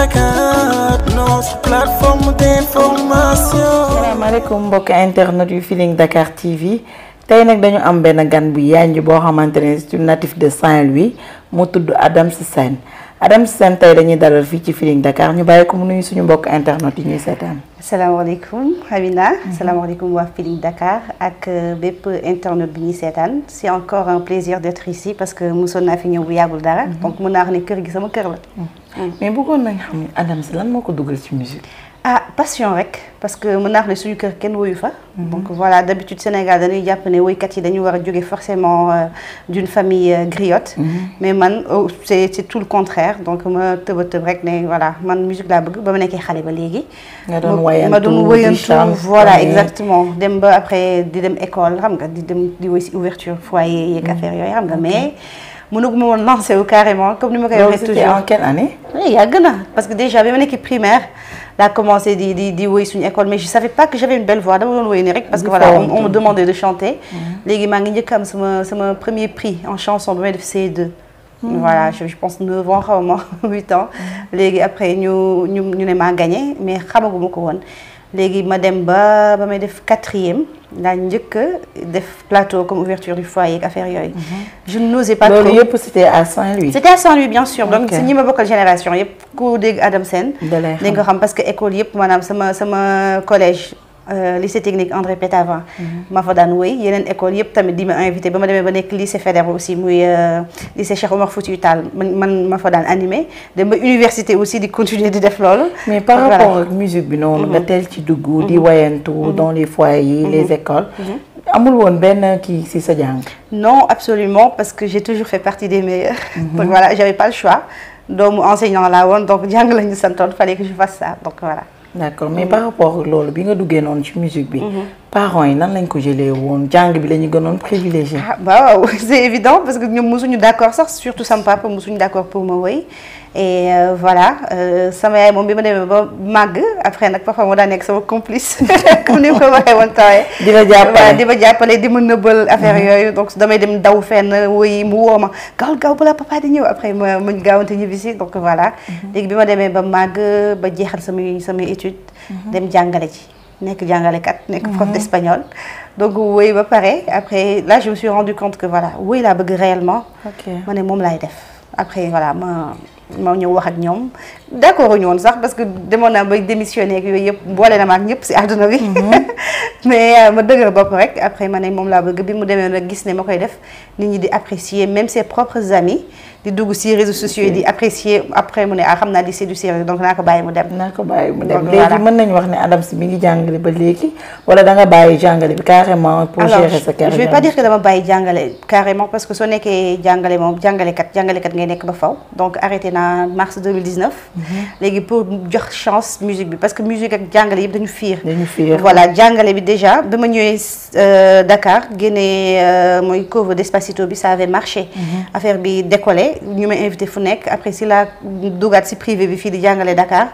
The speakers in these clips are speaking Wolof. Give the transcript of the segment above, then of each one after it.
Dakar mbokk internet yu Feeling Dakar TV tey nag dañu am benn gan bu yànj boo xamante ne c'est un de Saint-Louis mu tudd Adams Sène Adams Sène tey dañuy dalal fii ci Feeling Dakar ñu bàyyi ko mu nuyu suñu mbokk internet yi ñuy seetaan. salaamaaleykum Amina. salaamaaleykum waa Feeling Dakar ak euh, bépp internet bi ñuy seetaan c' est encore un plaisir d' être parce que mosoon naa fi ñëw bu yàggul dara. Mhm. donc mën naa wax ne kër gi sama kër la. Mhm. Mm. mais bëggoon nañ xam ne Adams lan moo ko dugal ci musique ah passion rek parce que mën naa wax ne suñu kër kenn woyu fa mm-hmm. donc voilà d'habitude Sénégal dañuy jàpp ne woykat yi dañu war a jóge forcément euh, d'une famille euh, griotte mm mais man oh, c'est tout le contraire donc ma tëba tëb rek ne voilà man musique laa bëgg ba ma nekkee xale ba léegi ma doon woyantu voilà exactement dem ba après di dem école xam nga di dem di woy si ouverture mm-hmm. yooyu xam nga mais mënaguma woon lancé wu carrément comme ni ma koy waxee toujours en quelle année. yàgg na parce que déjà bi ma nekk primaire laa commencé di di di woy suñu école mais je savais pas que j'avais une belle voix dama doon woy nii rek. parce que voilà on, on de chanter. Mm-hmm. léegi maa ngi njëkk am sama sama premier prix en chanson ba may def CE2. Mm-hmm. voilà je pense neuf ans xaw ma huit ans. Mm-hmm. léegi après ñu ñu ñu ne maa gagné mais xamaguma ko woon léegi ma dem ba ba may def quatrième. laa njëkk def plateau comme ouverture du foyer ak affaire yooyu. Mhm. je n'osais pas trop loolu yëpp c'était à Saint-Louis. c'était à Saint-Louis bien sûr okay. donc si ñi ma bokkal génération yëpp ku dégg Adam Sène. da nga ko xam parce que école yëpp maanaam sama sama collège. Euh, lycée technique André Pétavant mhm. ma fa daan wéy yeneen école yëpp tamit di ma invité ba ma demee ba nekk lycée fédéral aussi muy euh, lycée Cheikh Omar Foutiyou Tall man man ma fa daan animé dem ba université aussi di continuer di def loolu mais par rapport ak musique bi noonu mhm. nga teel ci dugg mhm. di wayantu dans les foyers les écoles amul woon benn kii si sa jàng non absolument parce que j'ai toujours fait partie des meilleurs donc voilà j'avais pas le choix doomu enseignant laa jàng la ñu santoon fallait que je fasse ça d'accord mais par rapport loolu bi nga duggee noonu ci musique bi. Mhm. parents yi nan lañ ko jëlee woon jàng bi la ñu gënoon privilégié. ah waaw c'est évident parce que ñoom mosuñu d'accord sax surtout sama papa mosuñu d'accord pour ma woy et euh, voilà euh, sama yaay moom bi ma demee ba màgg après nag papa moo daa nekk sama complice comme ni ma ko waxee woon tawee. di ma jàppale di ma jàppale di ma nëbbal affaire mm-hmm. yooyu donc damay dem daw fenn woy mu woo ma gaaw gaaw balaa papa ñëw après ma ma gaawante ñibbi si voilà. Mm-hmm. léegi bi ma demee ba màgg ba jeexal samay samay études. Mm-hmm. dem jàngale ci nekk jàngalekat. nekk prof d'espagnol. donc woy ba pare après là je me suis rendu compte que voilà woy laa bëgg réellement. ma ne moom laay def après voilà ma. ma ñëw wax ak ñoom d' accord ñu woon sax parce que demoon naa ba démissionné yooyu yëpp boole na ma ak ñëpp si àdduna bi. Mhm. mais euh, ma dëgër bopp rek après ma ne moom laa bëgg bi mu demee nag gis ne ma koy def ñi di apprécier même ses propres amis di dugg si réseaux sociaux yi di apprécier après mu ne ah, xam naa di séduire sérieux donc naa ko bàyyi mu dem. naa ko bàyyi mu dem léegi mën nañu wax ne Adam si ngi jàngale ba léegi wala da nga bàyyi jàngale bi carrément. pour gérer sa carrière alors pas dire que dama bàyyi jàngale carrément parce que soo nekkee jàngale moom jàngalekat jàngalekat ngay nekk ba faw donc arrêté naa mars 2019. Mhm. léegi pour jox chance musique bi parce que musique ak jàngale yëpp dañu fiir. dañu fiir voilà jàngale bi déjà ba ma ñëwee euh, Dakar génnee euh, mooy cover Despacito bi ça avait marché. Mhm. affaire bi décollé ñu ma invité fu nekk après si la dugaat si privé bi fii di jàngale Dakar.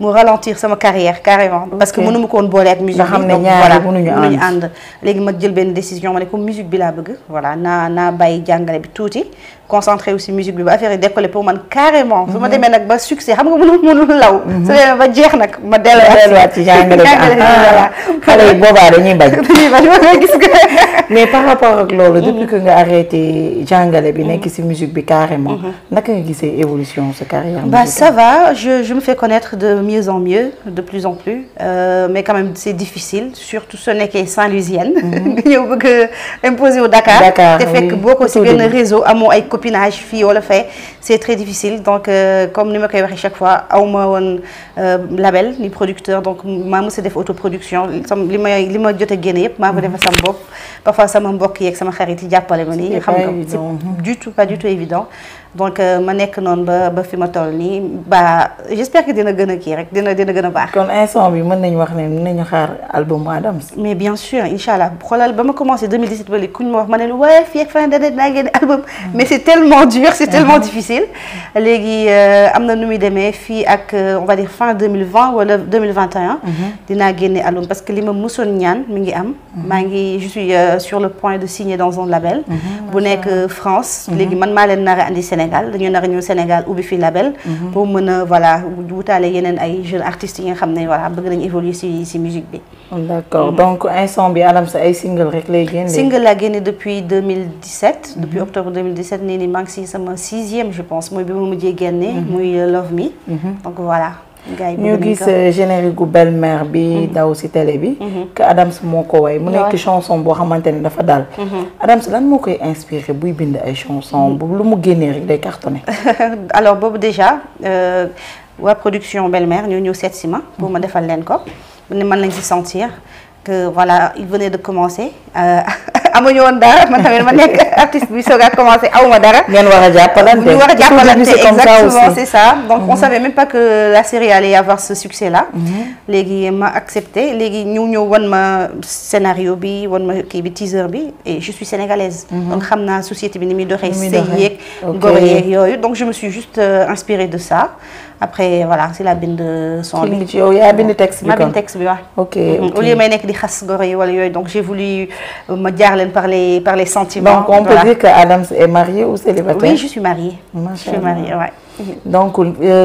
mu ralentir sama carrière carrément parce que mënu ma ko boole ak musique bi donc voilà mënuñu ànd léegi ma jël benn décision ma ne comme musique bi laa bëgg voilà naa naa jàngale bi tuuti concentré aussi musique bi ba affaire yi pour man carrément su ma mhm. demee nag ba mhm. ba jeex nag ma delluwaat ci jàngale bi ah, mais par rapport ak loolu depuis mhm. que nga arrêté jàngale bi nekk ci musique bi carrément naka nga gisee évolution sa carrière bah ça va je me fais connaître de mieux en mieux de plus en plus euh, mais quand même c'est difficile surtout soo nekkee Saint-Louisienne. nga mhm. ñëw bëgg a imposer au Dakar. Dakar te fekk boo ko si benn réseau amoo ay copinage fii wala fee. c'est très difficile donc euh, comme ni ma koy waxee chaque fois aw ma woon euh, label ni producteur donc maa mos a def autoproduction li ma li ma jot a génne yëpp maa ko defal sama bopp parfois sama mbokk yeeg sama xarit yi jàppale ma ni. xam nga c'est du tout pas du tout évident. donc euh, ma nekk noonu ba ba fi ma toll nii ba j'espère que dina gën a kii rek dina dina a baax. kon instant bi mën nañu wax ne mën nañu xaar album Adams. mais bien fii ak fin d'année dinaa génne album. Mm. mais c'est tellement dur mm-hmm. euh, euh, mm-hmm. li ma mësoon ñaan mi ngi am. Mm-hmm. maa sur le point de signer dans un label. bu nekk France léegi man maa leen nar a Sénégal dañu nar a ñëw Sénégal ubbi fi label mhm. pour mën a voilà wutaale yeneen ay jeunes artistes yi nga xam ne voilà bëgg nañu si si musique bi d'accord mhm. donc instant bi ay single rek lay génne single laa génne depuis 2017 mhm. depuis octobre 2017 nii ni maa ngi si sama sixième je pense mooy bi ma mujjee génne muy euh, Love Me donc voilà ñu gis euh, générique belle-mère bi mm-hmm. daw ci télé bi. Mm-hmm. que Adams moo ko way mu nekk chanson boo xamante ne dafa daal. Mm-hmm. Adams lan moo koy inspiré buy bind ay chanson bu lu mu génnee rek day cartonné. alors boobu déjà euh, waa production belle-mère ñoo ñëw seet ma pour ma defal leen ko ne mën nañ ci sentir que voilà il venait de commencer. Euh, amuñu woon dara man tamit ma nekk artiste bi soog a commencé awma dara. ngeen war a jàppalante ñu war a jàppalante exactement c'est ça donc on mhm. savait même pas que la série allait avoir ce succès là. Mhm. léegi ma accepté léegi ñu ñëw wan ma scénario bi wan ma kii bi teaser bi et je suis sénégalaise. Mhm. donc xam naa société bi ni muy doxee. ni muy doxee sëy yeeg góor yeeg yooyu donc je me suis juste euh, inspirée de ça. après voilà si la bind son bi ci yow yaa bind texte bi ma bind texte bi waaw. Mhm. ok au lieu may nekk di xas goro yi wala yooyu donc j'ai voulu euh, ma jaar leen par les par les sentiments. donc on peut dire que Adams est marié ou célibataire. oui je suis mariée. macha allah je suis mariée mhm. donc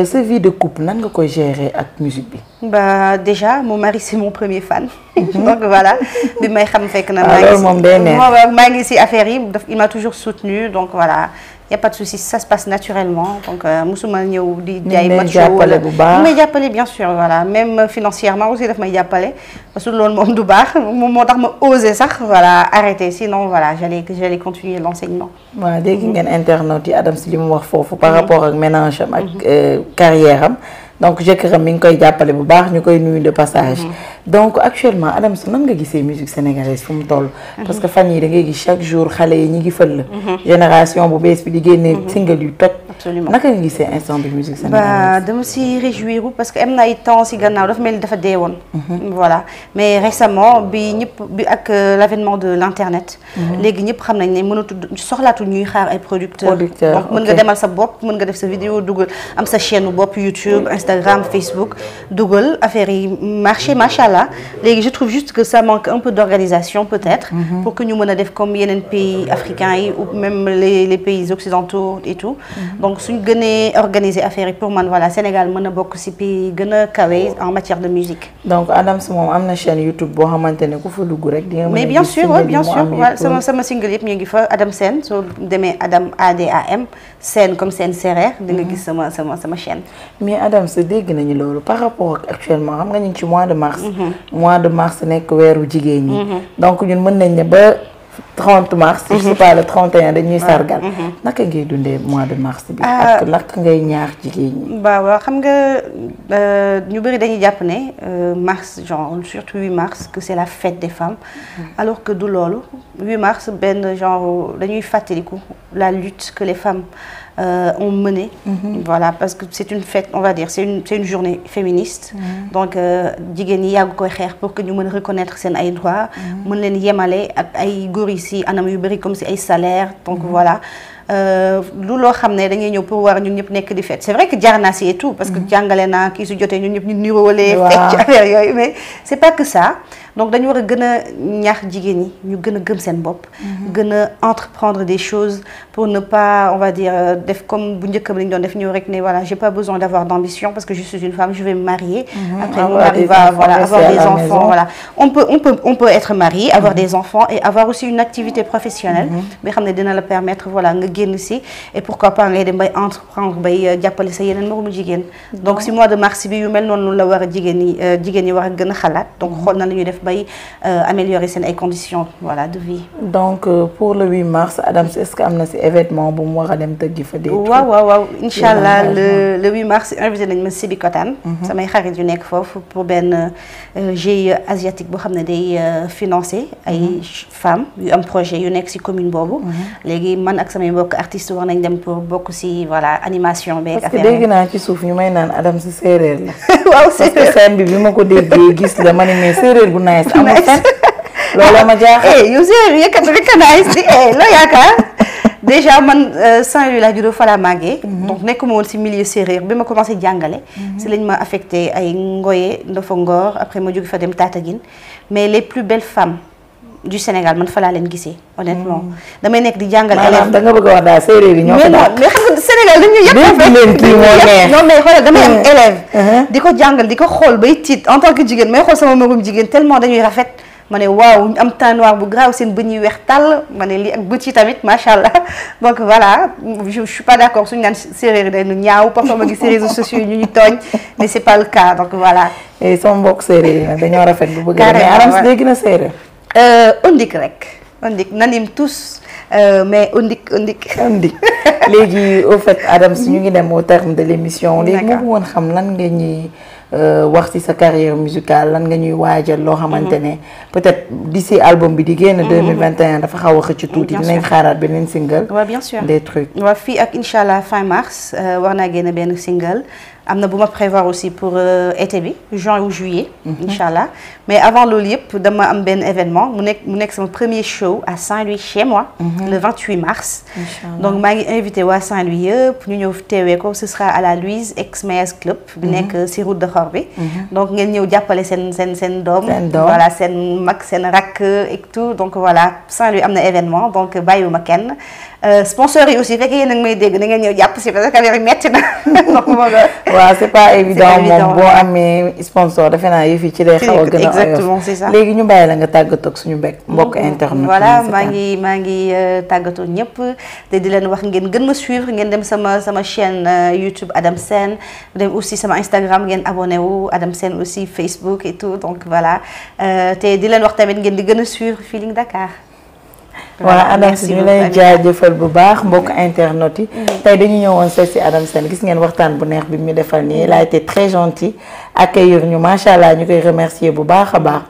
sa euh, vie de couple nan nga ko gérer ak musique bi. bah déjà mon mari c'est mon premier fan. Mhm. donc voilà ma may xam fekk na. maa ah, ngi si maa ngi si affaire yi il m'a toujours soutenu donc voilà. y a pas de souci ça se passe naturellement donc euh, musuma ñëw di. jaay match wala bu baax may jàppale bien sûr voilà même financièrement aussi daf may jàppale parce que loolu moom du baax moom moo tax ma osé sax voilà arrêter sinon voilà j'allais j'allais continuer l'enseignement. waaw dégg ngeen internautes yi Adams li mu wax foofu. par mm-hmm. rapport ak ménage am ak mm-hmm. euh, carrière am. donc jëkkëram mi ngi koy jàppale bu baax ñu koy nuyu de passage. Mm-hmm. donc actuellement Adamson nan nga gisee musique sénégalaise fu toll. Mm-hmm. parce que fan yi da gis chaque jour xale yi ñu ngi fël. Mm-hmm. génération bu bees bi di génnee single yu toj. absolument naka nga gisee ensemble musique sénégalaise. ba dama si réjouir parce que am na ay temps si gannaaw dafa mel ni dafa dee woon. Mhm. voilà mais récemment bi ñëpp bi ak euh, l' avènement de l' internet. Mhm. léegi ñëpp xam nañ ne mënatu soxlaatu ñuy xaar ay producteurs. donc mën nga demal sa bopp mën nga def sa vidéo dugal am sa chaîne bopp YouTube Instagram Facebook dugal affaire yi marché macha allah léegi je trouve juste que ça manque un peu d' organisation peut être. Mhm. pour que ñu mën a def comme yeneen pays africains yi ou même les les pays occidentaux et tout. Donc, donc suñ gënee organiser affaire yi pour man voilà Sénégal mën a bokk si pays gën a kawe en matière de musique. donc Adams moom am na chaîne YouTube boo xamante ne ku fa dugg rek. di nga mën a mais bien sûr bien sûr sama single yëpp ñu fa Adam Sène soo demee Adam A A comme Sène Sérère. di mhm. gis sama sama sama chaîne. mais Adams dégg nañu loolu par rapport ak actuellement xam nga ñu ngi ci mois de mars. Mhm. mois de mars nekk weeru jigéen ñi. Mhm. donc ñun mën nañ ne ba. 30 mars. Mhm. le 31 dañuy sargal. Mhm. naka ngay mois de mars bi. Euh, ak lakk ngay ñaax xam nga euh, ñu bëri dañuy jàpp ne euh, mars genre surtout 8 mars que c'est la fête des femmes. Mhm. alors que du loolu 8 mars benn genre dañuy fàttaliku la lutte que les femmes euh, ont menée. voilà parce que c'est une fête on va dire c'est une journée féministe. donc jigéen ñi yàgg koy xeex pour que ñu mën reconnaître seen ay droits. mën leen yemale ak ay góor yi si anam yu bëri comme si ay salaire donc voilà Euh, lu loo xam ne dañuy ñëw pour war ñun ñëpp nekk di fête c'est vrai que jaar naa si et tout parce que mm-hmm. jàngale naa kii su jotee ñun ñëpp ñu niroole fekk ci affaire yooyu mais c'est pas que ça donc dañu war a gën a ñaax jigéen ñi ñu gën a gëm seen bopp mm-hmm. gën a entreprendre des choses pour ne pas on va dire euh, def comme bu njëkkam li ñu doon def ñëw rek ne voilà j'ai pas besoin d'avoir d'ambition parce que je suis une femme je vais me marier mm-hmm. après mon mari va voilà avoir des enfants voilà on peut on peut on peut être marié avoir des enfants et avoir aussi une activité professionnelle bi xam ne dina la permettre voilà génn si et pourquoi pas ngay dem bay entreprendre bay euh, jàppale sa yeneen moromu jigéen donc si mois de mars bi yu mel noonu la war a jigéen ñi euh, jigéen ñi war a gën a xalaat donc mm-hmm. xool na la ñuy def bay euh, améliorer seen ay conditions voilà de vie donc pour le 8 mars Adams est-ce que am na si événement bu mu war a dem tëggi fa dee waaw waaw waaw incha allah le le 8 mars invité nañ ma Sébikotane mm-hmm. samay xarit yu nekk foofu pour benn GIE asiatique boo xam ne day financer ay mm-hmm. femmes yu am projet yu nekk si commune boobu léegi man ak samay mbokk artistes wax nañ dem pour bokk si voilà animation beeg. affaire parce que naa ci suuf ñu may naan Adam si séeréer la. waaw séeréer parce bi bi ma ko déggee gis la ma ne mais séeréer bu nice amul fenn. looloo ma jaaxal eh, a nice di eh, loo yaakaar. déjà man euh, Saint-Louis laa juddoo fa laa màggee. Mhm. donc nekk woon si milieu séeréer bi ma commencé jàngale. si mhm. lañ ma affecté ay Ngoye Ndofa Ngor après ma jóge fa dem Tataguine mais les plus belles femmes. du Sénégal man fa laa leen gisee honnêtement. Hmm. damay nekk di jàngal élèves da nga bëgg a wax daal séeréer yi ñoo ko dàq mais xam nga Sénégal dañu yëpp hmm. uh-huh. di ko jàngal di ko xool bay tiit en tant que jigéen may xool sama magum jigéen tellement dañuy rafet ma ne waaw ñu am teint noir bu grave seen bëñ yi weex tàll ma ne lii ak bët yi tamit macha allah donc voilà je suis pas d' accord suñu naan séeréer yi dañu ñaaw parfois ma gis réseaux sociaux yi ñu ñu tooñ mais c' est pas yi dañoo rafet bu bëgg mais Arams a séeréer Euh, ondik rek ondik nanim tous euh, mais ondik ondik ondik léegi au fait Adams ñu ngi dem au terme de l'émission léegi moo woon xam lan nga ñuy euh, wax ci sa carrière musicale lan nga ñuy waajal loo xamante ne mhm. peut-être d'ici album bi di génn 2021 mhm. dafa xaw a xëcc tuuti dinañ xaaraat beneen single waaw bien sûr des trucs waaw fii ak incha allah fin mars war naa génn benn single am na bu ma prévoir aussi pour euh, été bi juin ou juillet. Mhm. incha allah mais avant loolu yëpp dama am benn événement mu nekk mu nekk sama premier show à Saint-Louis chez moi. Mhm. le 28 mars. donc maa ngi invité waa Saint-Louis yëpp ñu ñëw teewee ko ce sera à la Louise ex Mayas club. bi mhm. nekk euh, si route de Xor bi. donc ngeen ñëw jàppale seen seen seen doom. voilà seen mag seen rakk et tout donc voilà Saint-Louis am na événement donc bàyyiwuma kenn. Euh, sponsors yi aussi fekkee yéen a ngi may dégg na ngeen ñëw jàpp si parce que affaire yi waaw c'est pas évident moom boo amee sponsor defe naa yëf yi ci lay xaw a gën a exactement c'est léegi ñu bàyyi la nga tàggatoo ak suñu mbokk mm, mbokk internet voilà maa ngi maa ngi euh, tàggatoo ñëpp te di leen wax ngeen gën ma suivre ngeen dem sama sama chaîne euh, YouTube Adam Sène dem aussi sama Instagram ngeen abonné wu Adam Sène aussi Facebook et tout donc voilà euh, te di leen wax tamit ngeen di gën a suivre Feeling Dakar waaw Adams ñu lay jëfal bu baax mbokk internet yi. Mm-hmm. tey dañu ñëwoon seet si Adam Sène gis ngeen waxtaan bu neex bi mu defal ni il a été très gentil accueillir ñu macha allah ñu koy remercier bu baax a baax.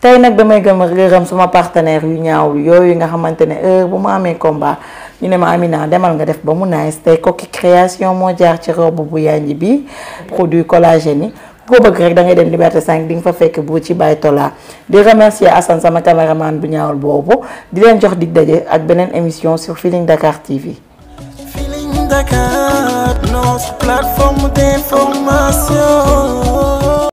tey nag damay gëm gërëm suma partenaire yu ñaawlu yooyu nga xamante ne heure bu ma amee combat ñu ne ma Amina demal nga def ba mu nice tey Koki Création moo jaar ci robe bu yanj bi produit collage ni ko bëgg rek da ngay dem Liberté 5 di nga fa fekk bu ci Baye Tola di remercier Assane sama caméraman bu ñaawul boobu di leen jox di daje ak beneen émission sur Feeling Dakar TV. Feeling Dakar,